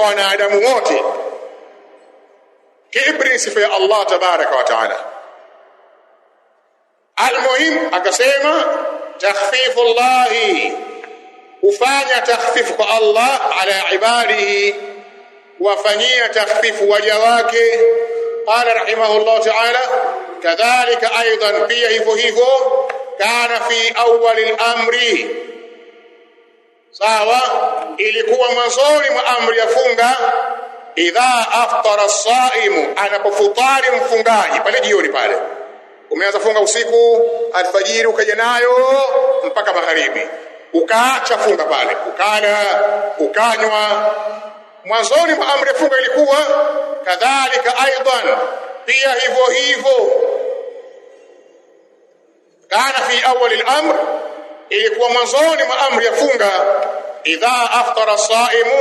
kwa wanadamu wote kibri sifa ya Allah tabaraka wa taala almuhim akasema takhfifu llahi kufanya takhfifu kwa Allah ala ibadihi wafanyia takhfifu waja wake qala rahimahullah taala kadhalika aidan pia hivyo hivyo kana fi awwali al-amri sawa ilikuwa mwanzoni mwa amri ya funga, idha aftara saimu, anapofutari mfungaji pale jioni pale. Umeanza funga usiku, alfajiri ukaja nayo mpaka magharibi, ukaacha funga pale, ukala ukanywa. Mwanzoni mwa amri ya funga ilikuwa kadhalika, aidan pia hivyo hivyo kana fi awali al-amr, ilikuwa mwanzoni mwa amri ya funga idha aftara saimu,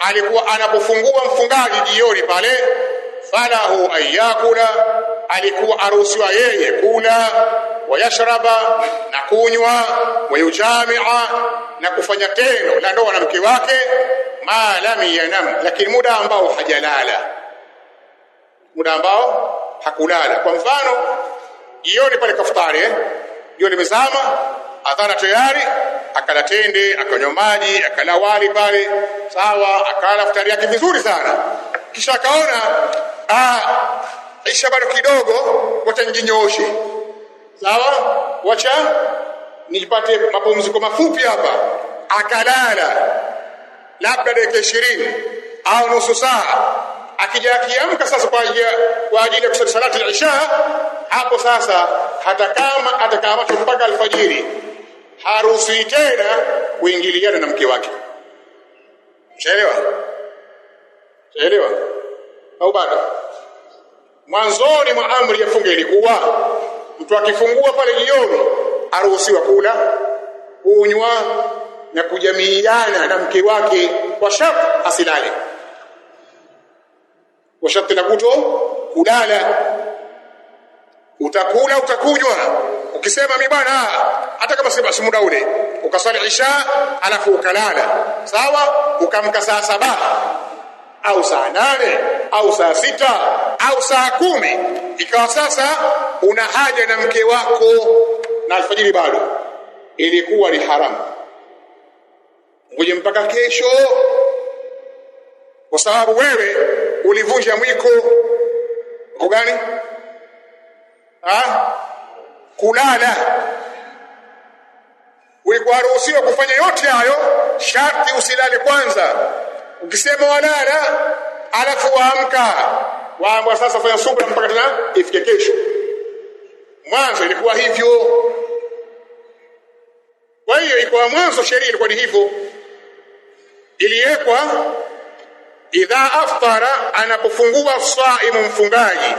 alikuwa anapofungua mfungaji jioni pale, falahu ayakula, alikuwa aruhusiwa yeye kula, wayashraba na kunywa, wayujamia na kufanya tendo la ndoa na mke wake, ma lam yanam, lakini muda ambao hajalala, muda ambao hakulala. Kwa mfano jioni pale kaftari eh, jioni imezama adhana tayari, akala tende, akanywa maji, akala wali pale, sawa, akala futari yake vizuri sana, kisha akaona ah, isha bado kidogo, wacha njinyooshe, sawa, wacha nipate mapumziko mafupi hapa. Akalala labda dakika ishirini au nusu saa, akija akiamka sasa kwa ajili kwa ajili ya kusali salati ya isha hapo sasa hata kama atakaa macho mpaka alfajiri haruhusiwi tena kuingiliana na mke wake. Chelewa, chelewa au bado? Mwanzoni mwa amri ya funge ilikuwa mtu akifungua pale jioni aruhusiwa kula, kunywa na kujamiiana na mke wake kwa sharti asilale, kwa sharti la kuto kulala utakula utakunywa. Ukisema mi bwana, hata kama si muda ule, ukasali isha alafu ukalala, sawa, ukamka saa saba au saa nane au saa sita au saa kumi ikawa sasa una haja na mke wako na alfajiri bado ilikuwa ni haramu, ngoje mpaka kesho, kwa sababu wewe ulivunja mwiko. Mwiko gani? ha? kulala ulikuwaruhusiwa kufanya yote hayo, sharti usilale kwanza. Ukisema walala alafu waamka, waambwa sasa fanya subra mpaka tena ifike kesho. Mwanzo ilikuwa hivyo. Kwa hiyo ikuwa mwanzo sheria ilikuwa ni hivyo, iliwekwa idha aftara, anapofungua saimu mfungaji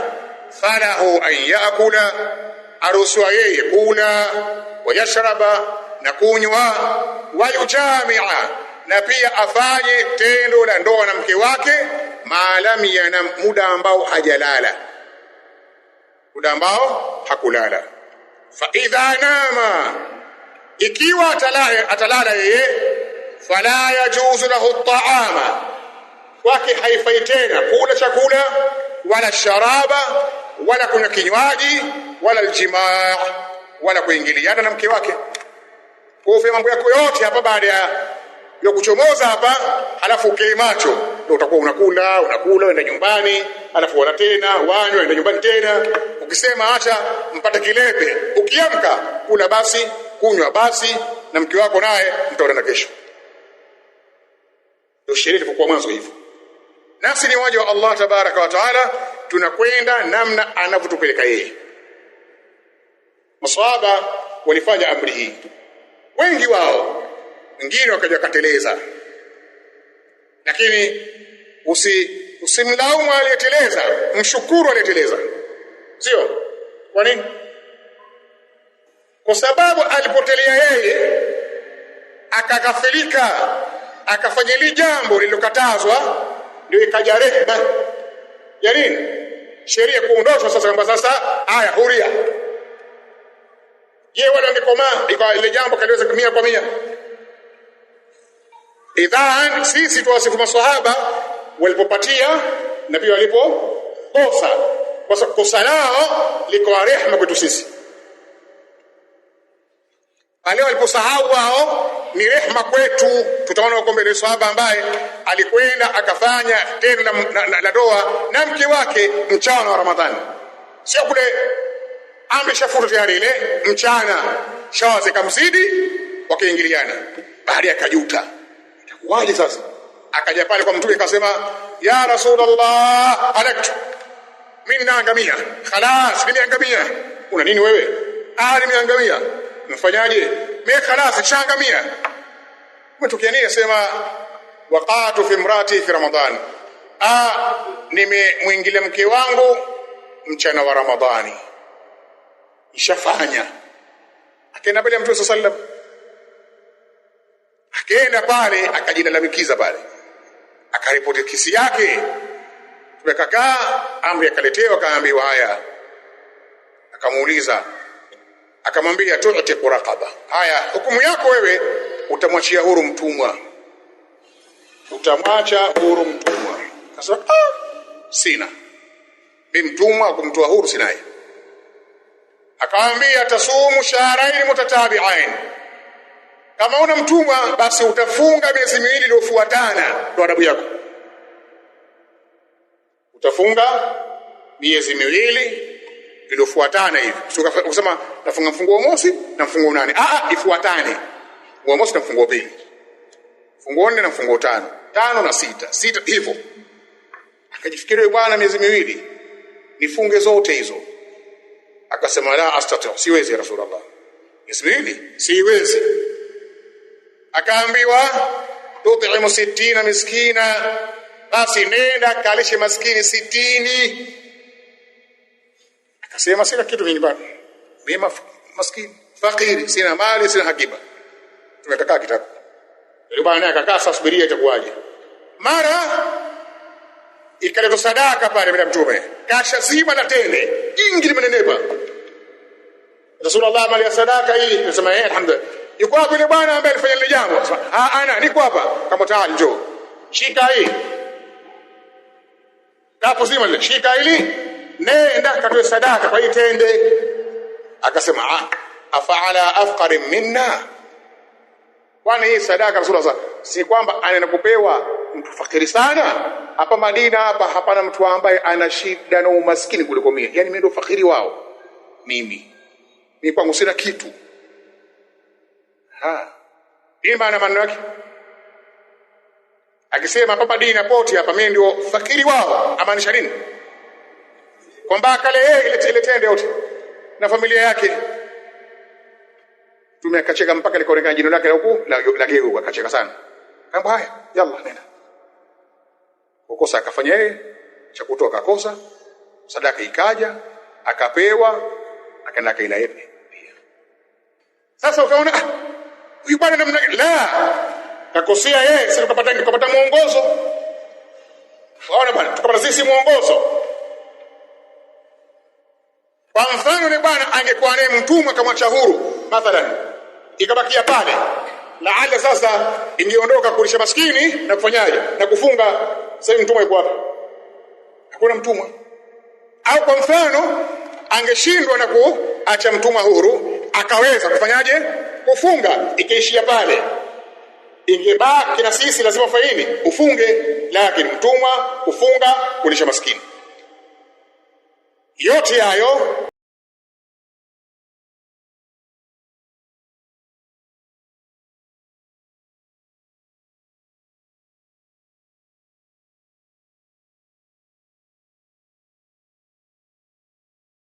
falahu an yaakula aruhusiwa yeye kula wayashraba na kunywa wayujamia na pia afanye tendo la ndoa na mke wake maalamia na muda ambao hajalala muda ambao hakulala fa idha nama ikiwa atalala, atalala yeye fala yajuzu lahu taama kwake haifai tena kula chakula wala sharaba wala kunywa kinywaji wala aljimaa wala kuingiliana na mke wake. Kwa mambo yako yote hapa baada ya kuchomoza hapa, halafu ukee macho, ndio utakuwa unakula unakula, unaenda nyumbani, halafu wala tena wanywa, unaenda nyumbani tena. Ukisema acha mpate kilepe, ukiamka kula basi, kunywa basi, na mke wako naye mtaonana kesho. Ndio sheria ilipokuwa mwanzo hivyo. Nasi ni waja wa Allah tabaraka wa taala tunakwenda namna anavyotupeleka yeye. Maswahaba walifanya amri hii, wengi wao, wengine wakaja wakateleza, lakini usi usimlaumu aliyeteleza, mshukuru aliyeteleza. Sio kwa nini? Kwa sababu alipotelea yeye akaghafilika, akafanya ile jambo lililokatazwa, ndio ikaja rehema ya nini sheria kuondoshwa sasa, kwamba sasa haya huria. Je, wale wangekomaa ikawa ile jambo kaliweza mia kwa mia? Idhan sisi tuwasifu maswahaba walipopatia na pia walipokosa, kwa sababu kosa lao liko rehema kwetu sisi. Aleo waliposahau wao ni rehma kwetu. Tutaona huko mbele sahaba ambaye alikwenda akafanya tendo la, la, la, la doa na mke wake mchana wa Ramadhani, sio kule ameshafuta tayari ile mchana, shawa zikamzidi wakaingiliana, ya akajuta, itakuwaje sasa? Akaja pale kwa Mtume akasema, ya Rasulullah, alaktu mimi naangamia, khalas, nimeangamia. Una nini wewe? Ah, nimeangamia, mfanyaje? miaka nasi shanga mia umetokea nini? Asema waqatu fi imrati fi ramadan ah, nimemwingilia mke wangu mchana wa Ramadhani. Ishafanya akaenda mbele ya Mtume sallam, akaenda pale akajilalamikiza pale, akaripoti kesi yake. Tumekakaa amri akaletewa, akaambiwa haya, akamuuliza akamwambia tu'tiqu raqaba, haya hukumu yako wewe, utamwachia huru mtumwa, utamwacha huru mtumwa. Sasa ah, sina bi mtumwa kumtoa huru sinaye Akamwambia tasumu shahrain mutatabi'ain, kama una mtumwa basi utafunga miezi miwili iliyofuatana, ndo adabu yako, utafunga miezi miwili viliofuatana hivi, kusema nafunga mfungo wa mosi na mfungo nane. Ah, ah, ifuatane mfungo wa mosi na mfungo pili, mfungo nne na mfungo tano, tano na sita, sita hivyo. Akajifikiria bwana, miezi miwili nifunge zote hizo. Akasema la astati, siwezi ya Rasulullah, miezi miwili siwezi. Akaambiwa tutimu sitina miskina, basi nenda kalishe maskini sitini akasema sina kitu bado. mimi maskini fakiri, sina mali, sina hakiba, tumekataa kitako. Yule bwana akakaa, sasa subiria itakuwaje? Mara ikaleta sadaka pale bila Mtume, kasha zima na tele, jingi limenenepa. Rasulullah amalia sadaka hii, nasema eh, alhamdulillah. Yuko hapo yule bwana ambaye alifanya lile jambo, ah, ana niko hapa, kama tayari njoo, shika hii Kapo zima lile, shika hili nenda katoe sadaka kwa itende. Akasema ah, afaala afqari minna, kwani hii sadaka Rasulullah si kwamba anaenda kupewa mtu fakiri sana hapa Madina? Hapa hapana mtu ambaye ana shida na umaskini kuliko yaani mimi, yani mimi ndo fakiri wao, mimi mimi kwangu sina kitu. Ha, hii na maneno yake akisema hapa Madina poti hapa, mimi ndio fakiri wao, amaanisha nini? kwamba akale yeye ile ile tende yote na familia yake. Mtume akacheka mpaka likaonekana jino lake huku la geu, akacheka sana, kaamba haya, yalla nenda. Kukosa akafanya yeye, cha kutoa akakosa, sadaka ikaja, akapewa, akaenda kaila yeye. Sasa ukaona ah, huyu bwana namna la kakosea yeye, sasa tukapata tukapata muongozo, waona bwana, tukapata sisi muongozo kwa mfano ni bwana angekuwa naye mtumwa kamwacha huru mathalan, ikabakia pale laala, sasa ingeondoka kulisha maskini na kufanyaje na kufunga. Sasa hivi mtumwa yuko wapi? Hakuna mtumwa. Au kwa mfano angeshindwa na kuacha mtumwa huru, akaweza kufanyaje? Kufunga, ikaishia pale, ingebaki na sisi lazima faini ufunge, lakini mtumwa kufunga, kulisha maskini, yote hayo